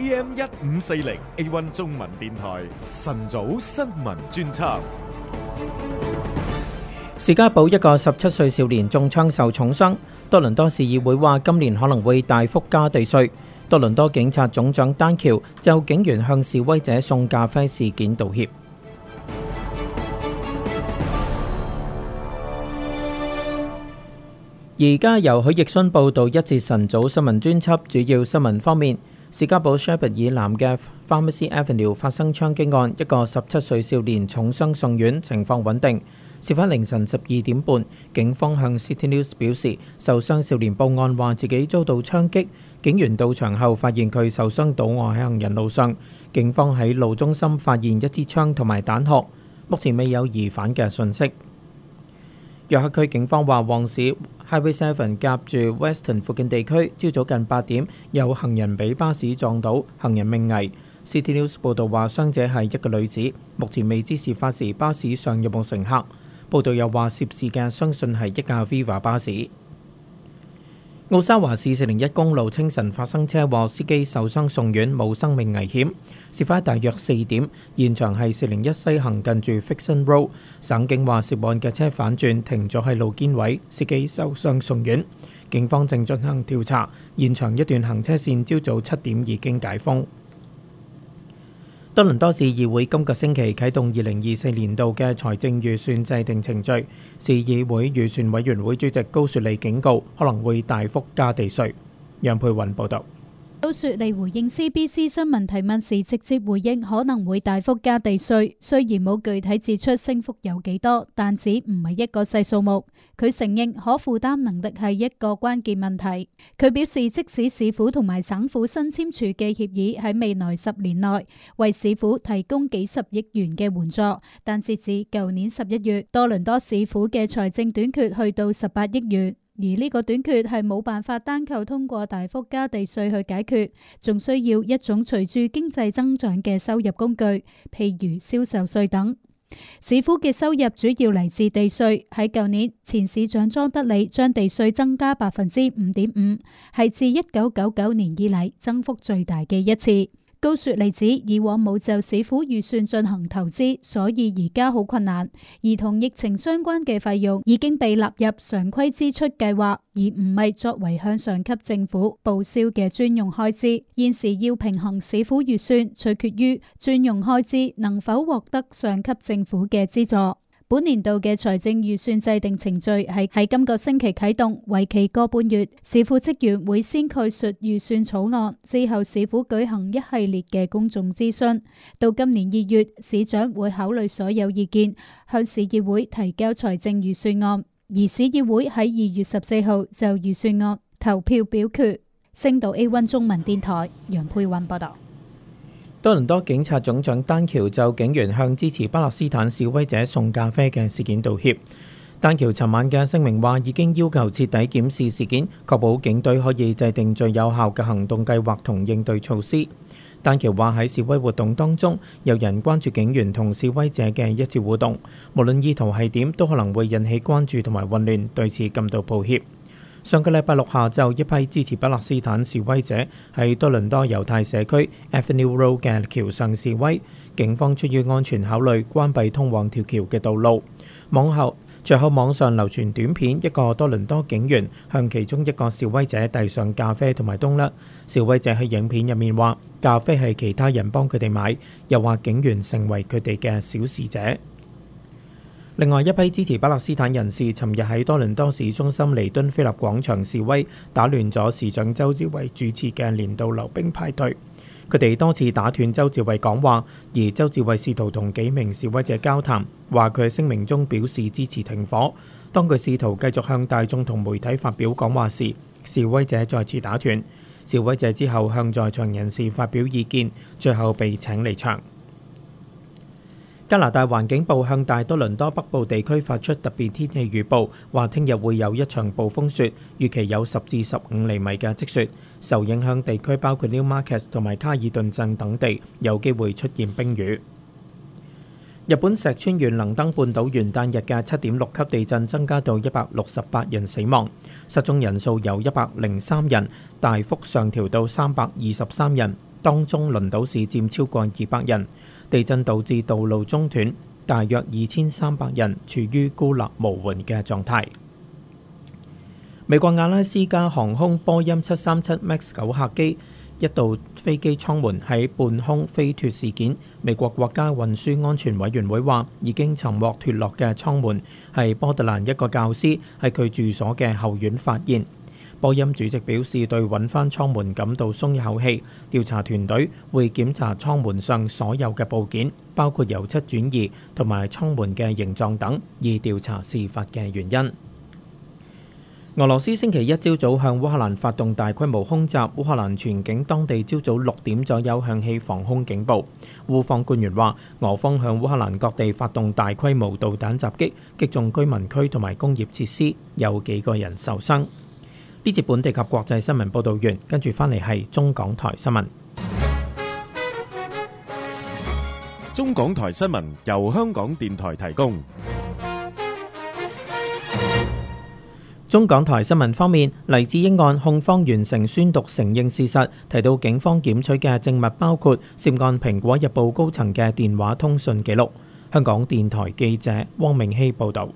AM 一五四零 A1 中文電台晨早新聞專輯。士嘉堡一個十七歲少年中槍受重傷。多倫多市議會話今年可能會大幅加地稅。多倫多警察總長丹橋就警員向示威者送咖啡事件道歉。而家由許奕迅報道，一節晨早新聞專輯，主要新聞方面。士嘉堡 （Sheppard） 以南嘅 Pharmacy Avenue 發生槍擊案，一個十七歲少年重傷送院，情況穩定。事發凌晨十二點半，警方向 City News 表示，受傷少年報案話自己遭到槍擊，警員到場後發現佢受傷倒卧喺行人路上，警方喺路中心發現一支槍同埋彈殼，目前未有疑犯嘅訊息。約克區警方話，旺市 Highway Seven 夾住 Western 附近地區，朝早近八點有行人被巴士撞到，行人命危。City News 報道話，傷者係一個女子，目前未知事發時巴士上有冇乘客。報道又話，涉事嘅相信係一架 Viva 巴士。奧沙華市四零一公路清晨發生車禍，司機受傷送院，冇生命危險。事發大約四點，現場係四零一西行近住 Fiction Road。省警話涉案嘅車反轉停咗喺路肩位，司機受傷送院。警方正進行調查，現場一段行車線朝早七點已經解封。多倫多市議會今個星期啟動二零二四年度嘅財政預算制定程序，市議會預算委員會主席高雪莉警告，可能會大幅加地稅。楊佩雲報道。都說你回應 CBC 新聞提問時，直接回應可能會大幅加地稅，雖然冇具體指出升幅有幾多，但只唔係一個細數目。佢承認可負擔能力係一個關鍵問題。佢表示，即使市府同埋省府新簽署嘅協議喺未來十年內為市府提供幾十億元嘅援助，但截至舊年十一月，多倫多市府嘅財政短缺去到十八億元。而呢個短缺係冇辦法單靠通過大幅加地稅去解決，仲需要一種隨住經濟增長嘅收入工具，譬如銷售稅等。市府嘅收入主要嚟自地稅，喺舊年前市長莊德利將地稅增加百分之五點五，係自一九九九年以嚟增幅最大嘅一次。高雪妮指以往冇就市府預算進行投資，所以而家好困難。而同疫情相關嘅費用已經被納入常規支出計劃，而唔係作為向上級政府報銷嘅專用開支。現時要平衡市府預算，取決於專用開支能否獲得上級政府嘅資助。本年度嘅財政預算制定程序係喺今個星期啟動，為期個半月。市府職員會先概述預算草案，之後市府舉行一系列嘅公眾諮詢。到今年二月，市長會考慮所有意見，向市議會提交財政預算案。而市議會喺二月十四號就預算案投票表決。星島 A1 中文電台，楊佩韻報道。多倫多警察總長丹橋就警員向支持巴勒斯坦示威者送咖啡嘅事件道歉。丹橋尋晚嘅聲明話，已經要求徹底檢視事件，確保警隊可以制定最有效嘅行動計劃同應對措施。丹橋話喺示威活動當中，有人關注警員同示威者嘅一次互動，無論意圖係點，都可能會引起關注同埋混亂。對此感到抱歉。上個禮拜六下晝，一批支持巴勒斯坦示威者喺多倫多猶太社區 Avenue Road 嘅橋上示威，警方出於安全考慮，關閉通往條橋嘅道路。網後，隨後網上流傳短片，一個多倫多警員向其中一個示威者遞上咖啡同埋冬甩，示威者喺影片入面話咖啡係其他人幫佢哋買，又話警員成為佢哋嘅小使者。另外一批支持巴勒斯坦人士，尋日喺多倫多市中心彌敦菲立廣場示威，打亂咗市長周志偉主持嘅年度溜冰派對，佢哋多次打斷周志偉講話，而周志偉試圖同幾名示威者交談，話佢喺聲明中表示支持停火。當佢試圖繼續向大眾同媒體發表講話時，示威者再次打斷，示威者之後向在場人士發表意見，最後被請離場。加拿大環境部向大多倫多北部地區發出特別天氣預報，話聽日會有一場暴風雪，預期有十至十五厘米嘅積雪。受影響地區包括 Newmarket 同埋卡爾頓鎮等地，有機會出現冰雨。日本石川縣能登半島元旦日嘅七點六級地震增加到一百六十八人死亡，失蹤人數由一百零三人大幅上調到三百二十三人。當中輪島市佔超過二百人，地震導致道路中斷，大約二千三百人處於孤立無援嘅狀態。美國阿拉斯加航空波音七三七 MAX 九客機一度飛機艙門喺半空飛脱事件，美國國家運輸安全委員會話，已經尋獲脱落嘅艙門，係波特蘭一個教師喺佢住所嘅後院發現。波音主席表示，對揾翻艙門感到鬆一口氣，調查團隊會檢查艙門上所有嘅部件，包括油漆轉移同埋艙門嘅形狀等，以調查事發嘅原因。俄羅斯星期一朝早向烏克蘭發動大規模空襲，烏克蘭全境當地朝早六點左右響起防空警報，烏方官員話俄方向烏克蘭各地發動大規模導彈襲擊，擊中居民區同埋工業設施，有幾個人受傷。呢節本地及國際新聞報道完，跟住翻嚟係中港台新聞。中港台新聞由香港電台提供。中港台新聞方面，黎智英案控方完成宣讀承認事實，提到警方檢取嘅證物包括涉案蘋果日報高層嘅電話通訊記錄。香港電台記者汪明熙報道。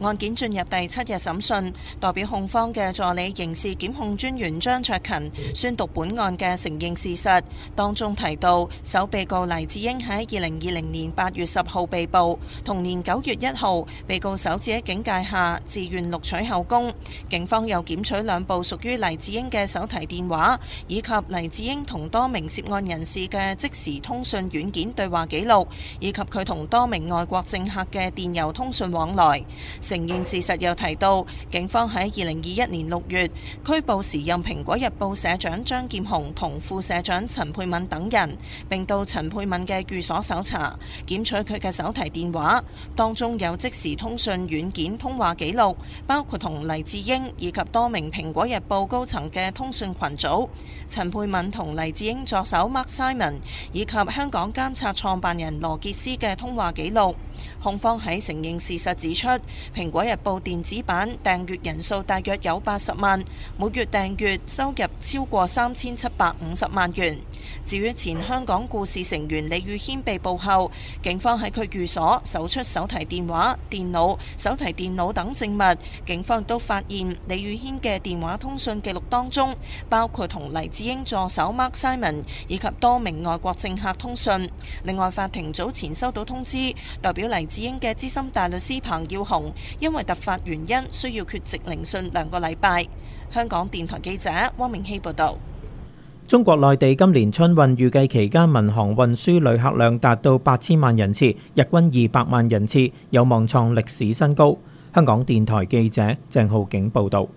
案件進入第七日審訊，代表控方嘅助理刑事檢控專員張卓勤宣讀本案嘅承認事實，當中提到，首被告黎智英喺二零二零年八月十號被捕，同年九月一號，被告首次喺警戒下自願錄取口供。警方又檢取兩部屬於黎智英嘅手提電話，以及黎智英同多名涉案人士嘅即時通訊軟件對話記錄，以及佢同多名外國政客嘅電郵通訊往來。承認事實又提到，警方喺二零二一年六月拘捕時任《蘋果日報》社長張劍虹同副社長陳佩敏等人，並到陳佩敏嘅寓所搜查，檢取佢嘅手提電話，當中有即時通訊軟件通話記錄，包括同黎智英以及多名《蘋果日報》高層嘅通訊群組，陳佩敏同黎智英助手 Mark Simon，以及香港監察創辦人羅傑斯嘅通話記錄。控方喺承認事實指出，《蘋果日報》電子版訂閱人數大約有八十萬，每月訂閱收入超過三千七百五十萬元。至於前香港故事成員李宇軒被捕後，警方喺佢寓所搜出手提電話、電腦、手提電腦等證物。警方亦都發現李宇軒嘅電話通訊記錄當中，包括同黎智英助手 Mark Simon 以及多名外國政客通訊。另外，法庭早前收到通知，代表黎智英嘅資深大律師彭耀雄因為突發原因需要缺席聆訊兩個禮拜。香港電台記者汪明希報道。中國內地今年春運預計期間民航運輸旅客量達到八千萬人次，日均二百萬人次，有望創歷史新高。香港電台記者鄭浩景報道。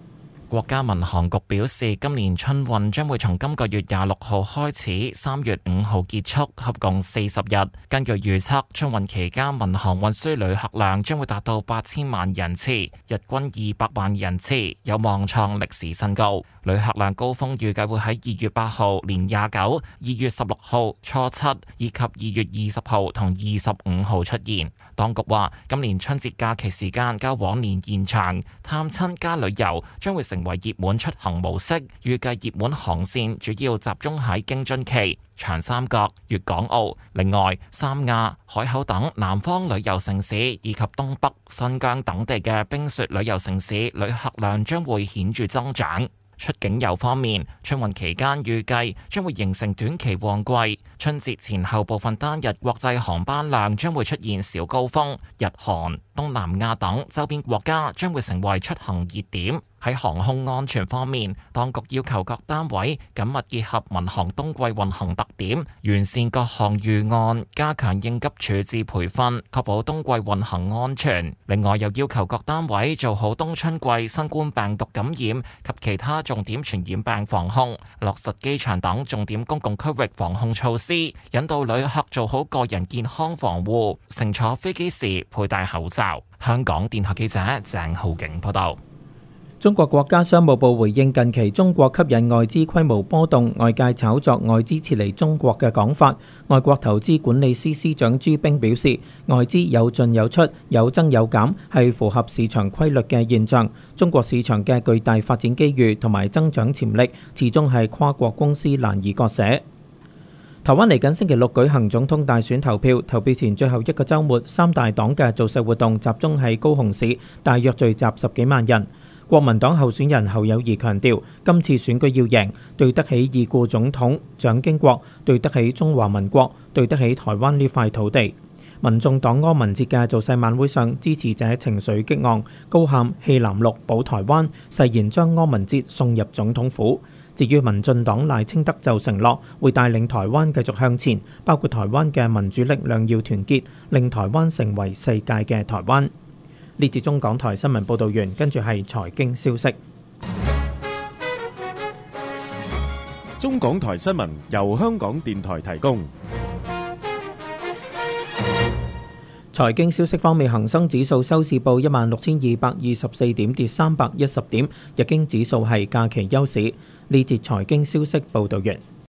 國家民航局表示，今年春運將會從今個月廿六號開始，三月五號結束，合共四十日。根據預測，春運期間民航運輸旅客量將會達到八千萬人次，日均二百萬人次，有望創歷史新高。旅客量高峰預計會喺二月八號年廿九）、二月十六號初七）以及二月二十號同二十五號出現，當局話今年春節假期時間較往年延長，探親加旅遊將會成為熱門出行模式。預計熱門航線主要集中喺京津冀、長三角、粵港澳，另外三亞海口等南方旅遊城市，以及東北、新疆等地嘅冰雪旅遊城市，旅客量將會顯著增長。出境遊方面，春運期間預計將會形成短期旺季，春節前後部分單日國際航班量將會出現小高峰，日韓。東南亞等周邊國家將會成為出行熱點。喺航空安全方面，當局要求各單位緊密結合民航冬季運行特點，完善各項預案，加強應急處置培訓，確保冬季運行安全。另外，又要求各單位做好冬春季新冠病毒感染及其他重點傳染病防控，落實機場等重點公共區域防控措施，引導旅客做好個人健康防護，乘坐飛機時佩戴口罩。香港電台記者鄭浩景報道。中國國家商務部回應近期中國吸引外資規模波動，外界炒作外資撤離中國嘅講法。外國投資管理司司長朱冰表示，外資有進有出，有增有減，係符合市場規律嘅現象。中國市場嘅巨大發展機遇同埋增長潛力，始終係跨國公司難以割捨。台灣至於民進黨賴清德就承諾會帶領台灣繼續向前，包括台灣嘅民主力量要團結，令台灣成為世界嘅台灣。呢節中港台新聞報導員，跟住係財經消息。中港台新聞由香港電台提供。財經消息方面，恒生指數收市報一萬六千二百二十四點，跌三百一十點。日經指數係假期休市。呢節財經消息報道完。